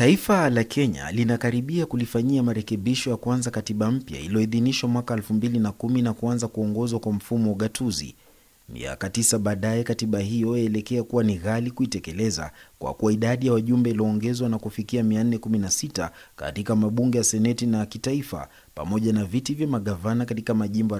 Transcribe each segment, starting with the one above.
Taifa la Kenya linakaribia kulifanyia marekebisho ya kwanza katiba mpya iliyoidhinishwa mwaka 2010 na kuanza kuongozwa kwa mfumo wa ugatuzi. Miaka tisa baadaye, katiba hiyo yaelekea kuwa ni ghali kuitekeleza kwa kuwa idadi ya wajumbe iliyoongezwa na kufikia 416 katika mabunge ya seneti na kitaifa pamoja na viti vya magavana katika majimbo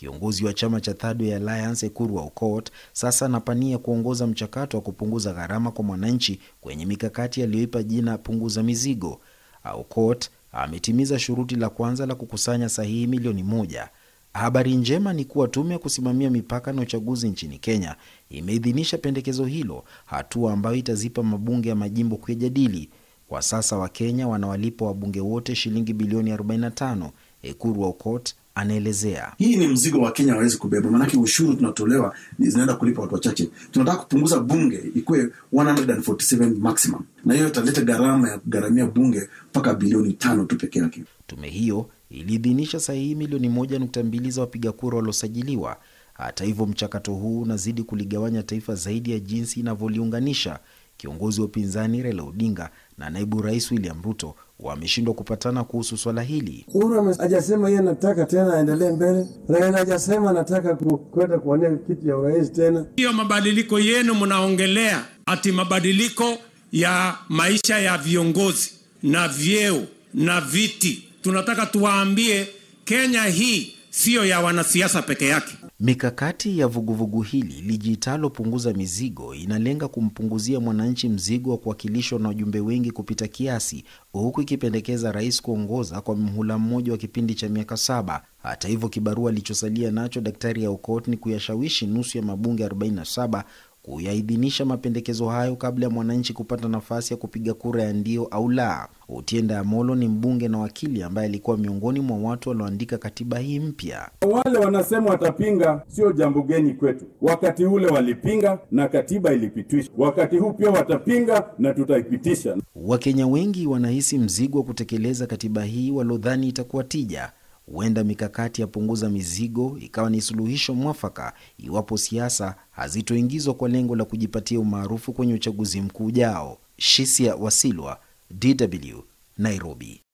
Kiongozi wa chama cha Third Way Alliance Ekuru Aukot sasa anapania kuongoza mchakato wa kupunguza gharama kwa mwananchi kwenye mikakati aliyoipa jina punguza mizigo. Aukot ametimiza shuruti la kwanza la kukusanya sahihi milioni moja. Habari njema ni kuwa tume ya kusimamia mipaka na uchaguzi nchini Kenya imeidhinisha pendekezo hilo, hatua ambayo itazipa mabunge ya majimbo kujadili. Kwa sasa Wakenya wanawalipa wabunge wote shilingi bilioni 45. Ekuru Aukot anaelezea. Hii ni mzigo wa Kenya hawezi kubeba, maanake ushuru tunatolewa zinaenda kulipa watu wachache. Tunataka kupunguza bunge ikuwe 147 maximum, na hiyo italeta gharama ya kugharamia bunge mpaka bilioni tano tu peke yake. Tume hiyo iliidhinisha sahihi milioni moja nukta mbili za wapiga kura waliosajiliwa. Hata hivyo, mchakato huu unazidi kuligawanya taifa zaidi ya jinsi inavyoliunganisha kiongozi wa upinzani Raila Odinga na naibu rais William Ruto wameshindwa kupatana kuhusu swala hili. Uhuru hajasema yeye anataka tena aendelee mbele. Raila hajasema anataka kwenda kuwania kiti ya urais tena. Hiyo mabadiliko yenu mnaongelea ati mabadiliko ya maisha ya viongozi na vyeo na viti, tunataka tuwaambie Kenya hii siyo ya wanasiasa peke yake. Mikakati ya vuguvugu hili lijiitalo punguza mizigo inalenga kumpunguzia mwananchi mzigo wa kuwakilishwa na wajumbe wengi kupita kiasi, huku ikipendekeza rais kuongoza kwa mhula mmoja wa kipindi cha miaka saba. Hata hivyo, kibarua alichosalia nacho Daktari Aukot ni kuyashawishi nusu ya mabunge 47 kuyaidhinisha mapendekezo hayo kabla ya mwananchi kupata nafasi ya kupiga kura ya ndio au la. Otienda Amolo ni mbunge na wakili ambaye alikuwa miongoni mwa watu walioandika katiba hii mpya. Wale wanasema watapinga, sio jambo geni kwetu. Wakati ule walipinga na katiba ilipitishwa, wakati huu pia watapinga na tutaipitisha. Wakenya wengi wanahisi mzigo wa kutekeleza katiba hii walodhani itakuwa tija Huenda mikakati ya punguza mizigo ikawa ni suluhisho mwafaka iwapo siasa hazitoingizwa kwa lengo la kujipatia umaarufu kwenye uchaguzi mkuu ujao. Shisia Wasilwa, DW, Nairobi.